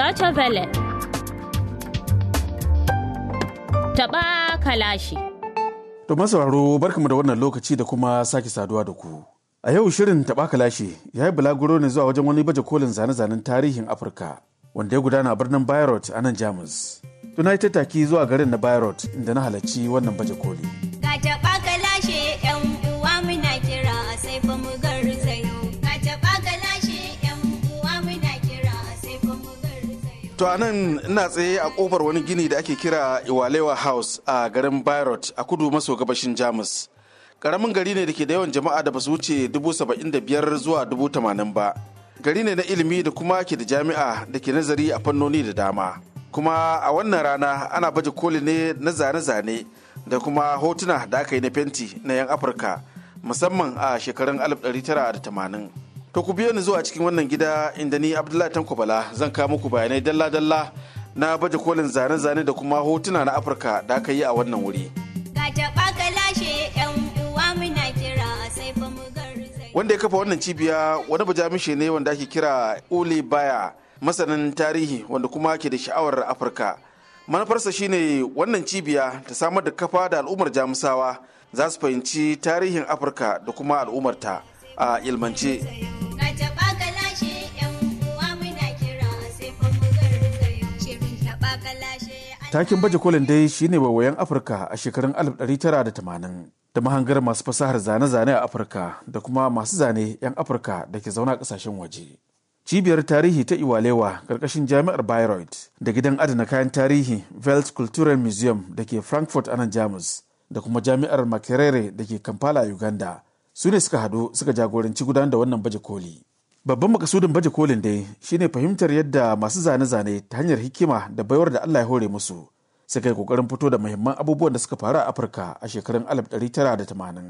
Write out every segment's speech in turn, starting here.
Deutsche Welle. Taɓa kalashi. To masauraro barkamu da wannan lokaci da kuma sake saduwa da ku. A yau shirin taɓa kalashi ya yi bulaguro ne zuwa wajen wani baje kolin zane-zanen tarihin Afirka wanda ya gudana a birnin Bayreuth a nan Jamus. Tuna yi tattaki zuwa garin na Bayreuth inda na halarci wannan baje koli. To a nan ina tsaye a kofar wani gini da ake kira Iwalewa House a garin Bayrot a kudu maso gabashin Jamus. Karamin gari ne da ke da yawan jama'a da ba su wuce dubu saba'in da biyar zuwa dubu tamanin ba. Gari ne na ilimi da kuma ke da jami'a da ke nazari a fannoni da dama. Kuma a wannan rana ana baje koli ne na zane-zane da kuma hotuna da aka yi na fenti na 'yan Afirka musamman a shekarun alif da 1980. To ku biyo ni zuwa cikin wannan gida inda ni Abdullahi Tanko Bala zan kawo muku bayanai dalla-dalla na baje kolin zane-zane da kuma hotuna na Afirka da aka yi a wannan wuri. Wanda ya kafa wannan cibiya wani bajamishe ne wanda ake kira Uli Baya masanin tarihi wanda kuma ke da sha'awar Afirka. Manufarsa shine wannan cibiya ta samar da kafa da al'ummar Jamusawa za su fahimci tarihin Afirka da kuma al'ummarta. a ilmance takin baje kolin dai shine wayan afirka a shekarun 1980 da mahangar masu fasahar zane-zane a afirka da kuma masu zane 'yan afirka da ke zauna kasashen waje cibiyar tarihi ta iwalewa karkashin jami'ar bayreuth da gidan adana kayan tarihi welt cultural museum da ke frankfurt a nan jamus da kuma jami'ar makerere da ke kampala uganda su ne suka haɗu suka jagoranci gudanar da wannan baje koli babban makasudin baje kolin dai shi ne fahimtar yadda masu zane-zane ta hanyar hikima da baiwar da allah ya hore musu suka yi kokarin fito da muhimman abubuwan da suka faru a afirka a shekarun 1980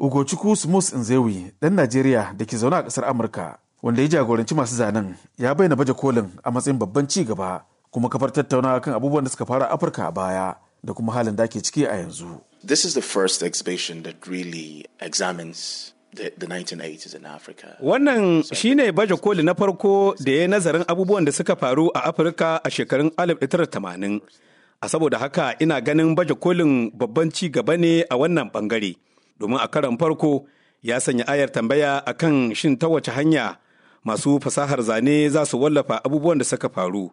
ugochukwu smus nzewi ɗan najeriya da ke zaune a ƙasar amurka wanda ya jagoranci masu zanen ya bayyana baje kolin a matsayin babban ci gaba kuma kafar tattaunawa kan abubuwan da suka faru a afirka a baya da kuma halin da ke ciki a yanzu This is the first exhibition that really examines Wannan shi ne baje koli na farko da ya nazarin abubuwan da suka faru a Afirka a shekarun 1980. A saboda haka ina ganin baje kolin babban ci gaba ne a wannan bangare. Domin a karan farko ya sanya ayar tambaya a kan shin ta wace hanya masu fasahar zane za su wallafa abubuwan da suka faru.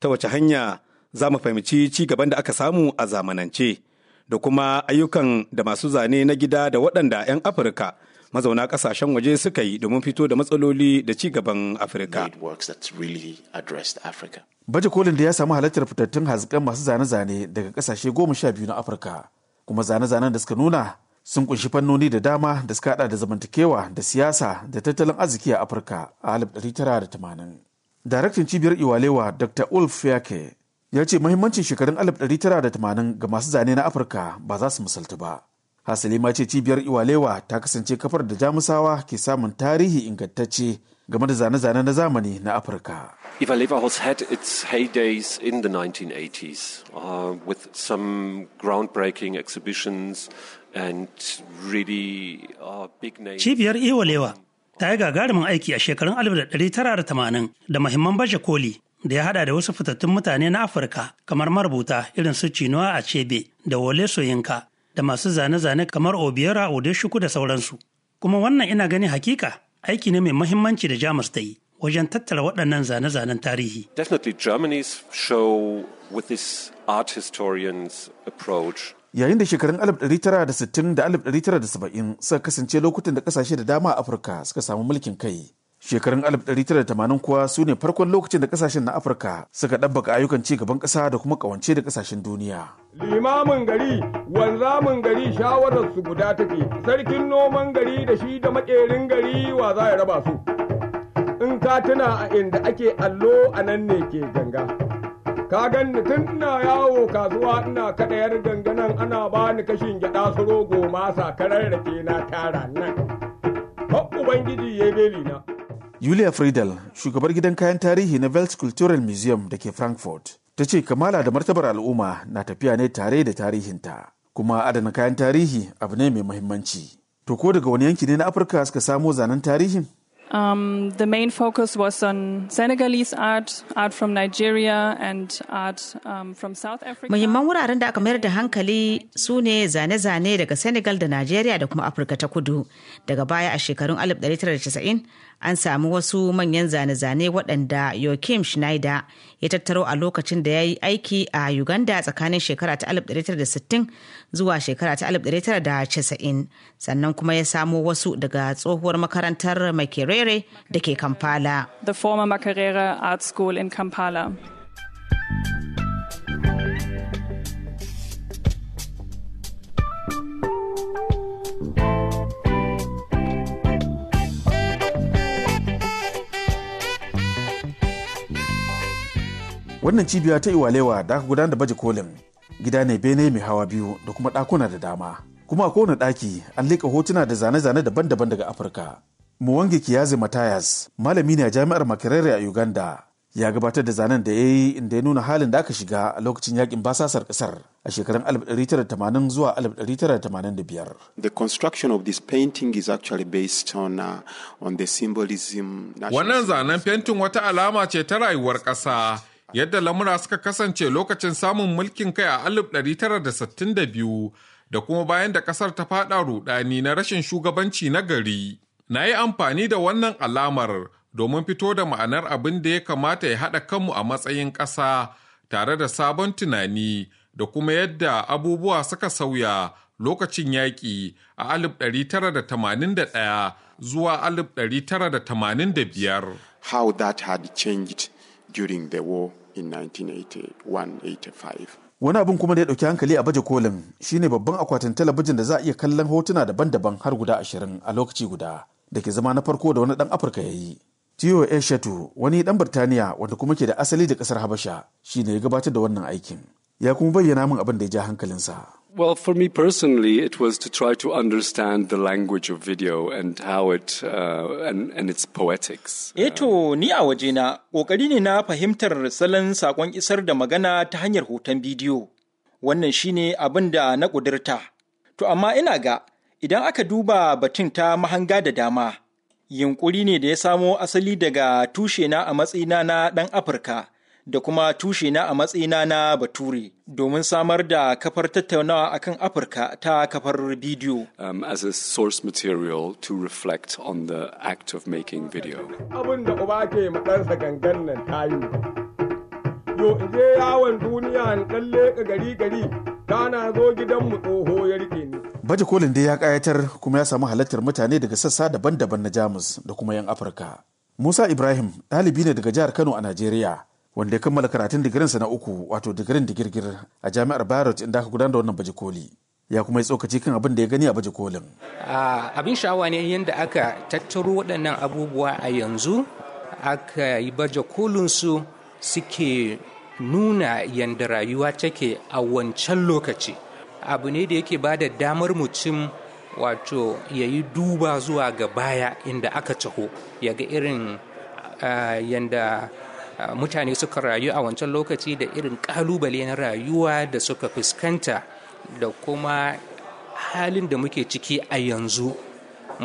Ta wace hanya za mu fahimci ci gaban da aka samu a zamanance. da kuma ayyukan da masu zane na gida da waɗanda 'yan Afirka mazauna ƙasashen waje suka yi domin fito da matsaloli da ci gaban Afirka. Baje kolin da ya samu halartar fitattun hasken masu zane-zane daga ƙasashe goma sha biyu na Afirka, kuma zane-zanen da suka nuna sun kunshi fannoni da dama da suka hada da zamantakewa da siyasa da tattalin arziki a Afirka a 1980. Daraktan cibiyar Iwalewa Dr. Ulf Yake ya ce muhimmancin shekarun 1980 ga masu zane na afirka ba za su misaltu ba hasali ma ce cibiyar iwalewa ta kasance kafar da jamusawa ke samun tarihi ingantacce game da zane-zane na zamani na afirka has had its heydays in the 1980 uh, with some groundbreaking exhibitions and really uh, Cibiyar Iwalewa ta yi gagarumin aiki a shekarun 1980 da mahimman baje koli da ya hada da wasu fitattun mutane na Afirka kamar marubuta irin su Chinua Achebe da Wole Soyinka da masu zane-zane kamar Obiora shuku da sauransu. Kuma wannan ina gani hakika aiki ne mai mahimmanci da Jamus ta yi wajen tattara waɗannan zane-zanen tarihi. Definitely Germany's show with this art historians approach yayin da shekarun 1960 da 1970 suka kasance lokutan da kasashe da dama a afirka suka samu mulkin kai Shekarun 1980 kuwa su ne farkon lokacin da kasashen na Afirka suka ɗabbaka ayyukan ci gaban ƙasa da kuma ƙawance da kasashen duniya. Limamin gari, wanzamin gari shawarar su guda take, sarkin noman gari da shi da makerin gari wa za ya raba su. In ka tuna a inda ake allo a nan ne ke ganga. Ka ganni tun ina yawo kasuwa ina kaɗayar ganganan ana bani kashin gyaɗa su rogo masa karar rake na tara nan. Ubangiji ya beli na. Julia Friedel, shugabar gidan kayan tarihi na Cultural Museum da ke Frankfurt, ta ce kamala da martabar al'umma na tafiya ne tare da tarihinta, kuma adana kayan tarihi abu ne mai muhimmanci. To ko daga wani yanki ne na Afirka suka samo zanen tarihin? Um, the main focus was on Senegalese art, art from Nigeria, and art um, from South Africa. Muhimman wuraren da aka mayar da hankali su ne zane-zane daga Senegal da Nigeria da kuma Afirka ta kudu. Daga baya a shekarun 1990 an samu wasu manyan zane-zane waɗanda Joachim Schneider ya tattaro a lokacin da ya yi aiki a Uganda tsakanin shekara ta 1960 zuwa shekara ta 1990 sannan kuma ya samo wasu daga tsohuwar makarantar Makerere da ke Kampala. The former Makerere Art School in Kampala. wannan cibiya ta iwalewa da aka gudanar da baje kolin gida ne bene mai hawa biyu da kuma ɗakuna da dama kuma a kowane ɗaki an liƙa hotuna da zane-zane daban-daban daga afirka muwangi kiyazi matayas malami ne a jami'ar makerere a uganda ya gabatar da zanen da ya yi inda ya nuna halin da aka shiga a lokacin yakin basasar kasar a shekarun 1980 zuwa 1985. The construction of this painting is actually based on, uh, on the symbolism. Wannan zanen fentin wata alama ce ta rayuwar ƙasa yadda lamura suka kasance lokacin samun mulkin kai a 1962 da kuma bayan da kasar ta fada rudani na rashin shugabanci na gari. Na yi amfani da wannan alamar domin fito da ma'anar abin da ya kamata ya haɗa kanmu a matsayin ƙasa tare da sabon tunani da kuma yadda abubuwa suka sauya lokacin yaƙi a 1981 zuwa 1985. How that had changed during the war in 1981-85. Wani abin kuma da ya ɗauki hankali a baje kolin shine babban akwatin talabijin da za a iya kallon hotuna daban-daban har guda ashirin a lokaci guda da ke zama na farko da wani dan Afirka ya yi. Tiyo Eshatu wani ɗan Birtaniya wanda kuma ke da asali da kasar Habasha shine ya gabatar da wannan aikin. Ya kuma bayyana min abin da ya ja hankalinsa. Well, for me personally, it was to try to understand the language of video and how it uh, and, and its poetics. Eto eh um, ni a wajena ƙoƙari ne na fahimtar salon saƙon isar da magana ta hanyar hoton bidiyo. Wannan shine abin da na ƙudurta. To amma ina ga idan aka duba batun ta mahanga da dama, yunƙuri ne da ya samo asali daga tushe na a matsayina na ɗan Afirka. da kuma tushe na a matsayina na bature domin samar da kafar tattaunawa akan Afirka ta kafar bidiyo. Um, as a source material to reflect on the act of making video. Abin da uba ke matsarsa gangan nan tayi. Yo, in je yawon duniya in ɗan ka gari gari, kana zo gidan mu tsoho ya rike ni. Baje kolin dai ya kayatar kuma ya samu halartar mutane daga sassa daban-daban na Jamus da kuma 'yan Afirka. Musa Ibrahim dalibi ne daga jihar Kano a Najeriya. wanda ya kammala karatun sa na uku wato digirin digirgir a jami'ar Bayero inda aka gudanar da wannan baje koli. ya kuma yi tsokaci kan abin da ya gani a baje kolin. Abin sha'awa ne yadda aka tattaro waɗannan abubuwa a yanzu aka yi baje su suke nuna yadda rayuwa take a wancan lokaci. Abu ne da yake ba da damar mutum wato ya yi duba zuwa ga baya inda aka taho ya ga irin yadda mutane suka rayu a wancan lokaci da irin kalubale na rayuwa da suka fuskanta da kuma halin da muke ciki a yanzu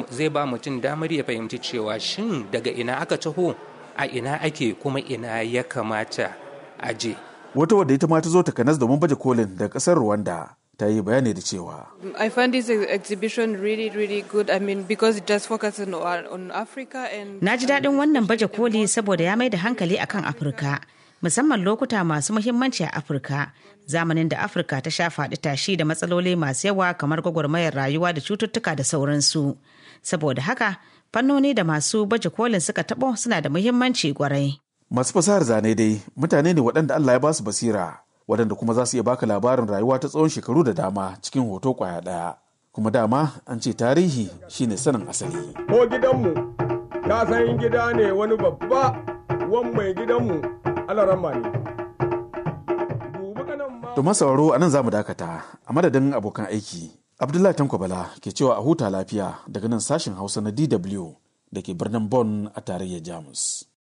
zai ba mutum damar ya fahimci cewa shin daga ina aka taho a ina ake kuma ina ya kamata a je wata wadda ita ma ta zo ta domin baje kolin daga kasar rwanda ta yi bayani da cewa I find this exhibition really really good I mean because it just focus on, on Africa and Na ji daɗin wannan baje koli saboda ya mai da hankali akan Afirka musamman lokuta masu muhimmanci a Afirka zamanin da Afirka ta sha faɗi tashi da matsaloli masu yawa kamar gwagwarmayar rayuwa da cututtuka da sauransu saboda haka fannoni da masu baje kolin suka taɓo suna da muhimmanci gwarai masu fasahar zane dai mutane ne waɗanda Allah ya ba su basira waɗanda kuma za su iya baka labarin rayuwa ta tsawon shekaru da dama cikin hoto kwaya ɗaya kuma dama an ce tarihi shine sanin asali ko gidanmu ya san gida ne wani babba wan mai gidanmu alarama ne domin sauraro a nan za mu dakata a madadin abokan aiki abdullahi tankwabala ke cewa a huta lafiya daga nan sashen hausa na dw da ke birnin bonn a tarayyar jamus